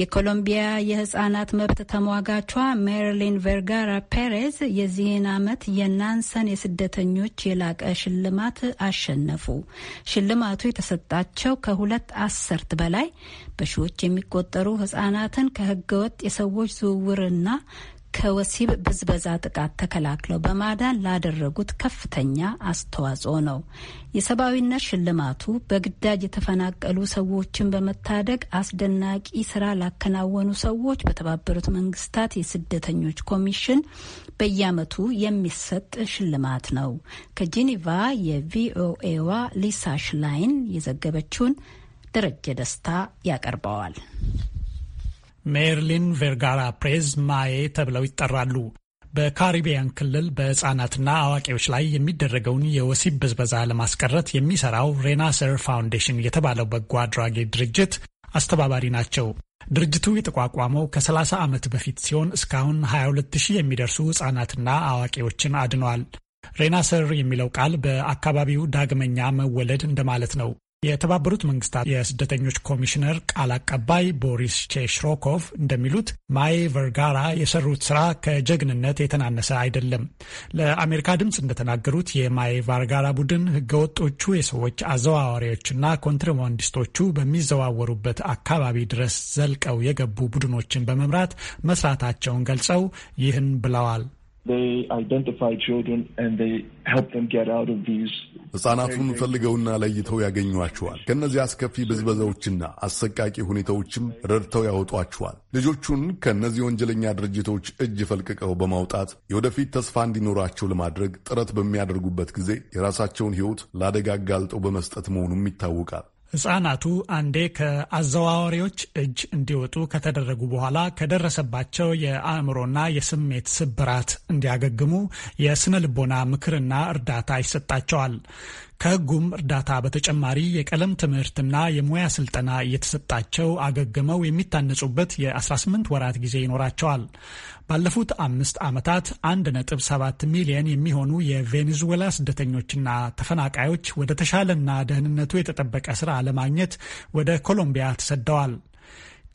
የኮሎምቢያ የህጻናት መብት ተሟጋቿ ሜሪሊን ቬርጋራ ፔሬዝ የዚህን ዓመት የናንሰን የስደተኞች የላቀ ሽልማት አሸነፉ። ሽልማቱ የተሰጣቸው ከሁለት አስርት በላይ በሺዎች የሚቆጠሩ ህጻናትን ከህገወጥ የሰዎች ዝውውርና ከወሲብ ብዝበዛ ጥቃት ተከላክለው በማዳን ላደረጉት ከፍተኛ አስተዋጽኦ ነው። የሰብአዊነት ሽልማቱ በግዳጅ የተፈናቀሉ ሰዎችን በመታደግ አስደናቂ ስራ ላከናወኑ ሰዎች በተባበሩት መንግስታት የስደተኞች ኮሚሽን በየዓመቱ የሚሰጥ ሽልማት ነው። ከጄኔቫ የቪኦኤዋ ሊሳ ሽላይን የዘገበችውን ደረጀ ደስታ ያቀርበዋል። ሜርሊን ቬርጋራ ፕሬዝ ማዬ ተብለው ይጠራሉ። በካሪቢያን ክልል በህፃናትና አዋቂዎች ላይ የሚደረገውን የወሲብ ብዝበዛ ለማስቀረት የሚሰራው ሬናሰር ፋውንዴሽን የተባለው በጎ አድራጊ ድርጅት አስተባባሪ ናቸው። ድርጅቱ የተቋቋመው ከ30 ዓመት በፊት ሲሆን እስካሁን 22000 የሚደርሱ ህፃናትና አዋቂዎችን አድኗል። ሬናሰር የሚለው ቃል በአካባቢው ዳግመኛ መወለድ እንደማለት ነው። የተባበሩት መንግስታት የስደተኞች ኮሚሽነር ቃል አቀባይ ቦሪስ ቼሽሮኮቭ እንደሚሉት ማይ ቨርጋራ የሰሩት ስራ ከጀግንነት የተናነሰ አይደለም። ለአሜሪካ ድምፅ እንደተናገሩት የማይ ቫርጋራ ቡድን ህገወጦቹ የሰዎች አዘዋዋሪዎችና ኮንትሮባንዲስቶቹ በሚዘዋወሩበት አካባቢ ድረስ ዘልቀው የገቡ ቡድኖችን በመምራት መስራታቸውን ገልጸው ይህን ብለዋል። They identify children and they help them get out of these ሕፃናቱን ፈልገውና ለይተው ያገኟቸዋል። ከእነዚህ አስከፊ ብዝበዛዎችና አሰቃቂ ሁኔታዎችም ረድተው ያወጧቸዋል። ልጆቹን ከእነዚህ ወንጀለኛ ድርጅቶች እጅ ፈልቅቀው በማውጣት የወደፊት ተስፋ እንዲኖራቸው ለማድረግ ጥረት በሚያደርጉበት ጊዜ የራሳቸውን ሕይወት ለአደጋ አጋልጠው በመስጠት መሆኑም ይታወቃል። ሕፃናቱ አንዴ ከአዘዋዋሪዎች እጅ እንዲወጡ ከተደረጉ በኋላ ከደረሰባቸው የአእምሮና የስሜት ስብራት እንዲያገግሙ የስነ ልቦና ምክርና እርዳታ ይሰጣቸዋል። ከህጉም እርዳታ በተጨማሪ የቀለም ትምህርትና የሙያ ስልጠና እየተሰጣቸው አገግመው የሚታነጹበት የ18 ወራት ጊዜ ይኖራቸዋል። ባለፉት አምስት ዓመታት 1.7 ሚሊየን የሚሆኑ የቬኔዙዌላ ስደተኞችና ተፈናቃዮች ወደ ተሻለና ደህንነቱ የተጠበቀ ስራ ለማግኘት ወደ ኮሎምቢያ ተሰደዋል።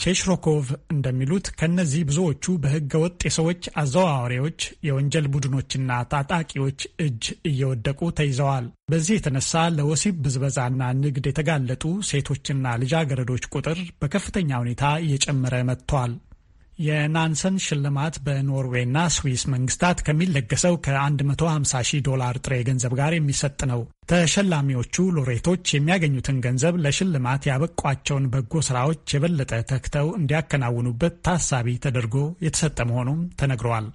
ቼሽሮኮቭ እንደሚሉት ከእነዚህ ብዙዎቹ በህገ ወጥ የሰዎች አዘዋዋሪዎች፣ የወንጀል ቡድኖችና ታጣቂዎች እጅ እየወደቁ ተይዘዋል። በዚህ የተነሳ ለወሲብ ብዝበዛና ንግድ የተጋለጡ ሴቶችና ልጃገረዶች ቁጥር በከፍተኛ ሁኔታ እየጨመረ መጥቷል። የናንሰን ሽልማት በኖርዌይና ስዊስ መንግስታት ከሚለገሰው ከ150 ሺህ ዶላር ጥሬ ገንዘብ ጋር የሚሰጥ ነው። ተሸላሚዎቹ ሎሬቶች የሚያገኙትን ገንዘብ ለሽልማት ያበቋቸውን በጎ ስራዎች የበለጠ ተክተው እንዲያከናውኑበት ታሳቢ ተደርጎ የተሰጠ መሆኑም ተነግረዋል።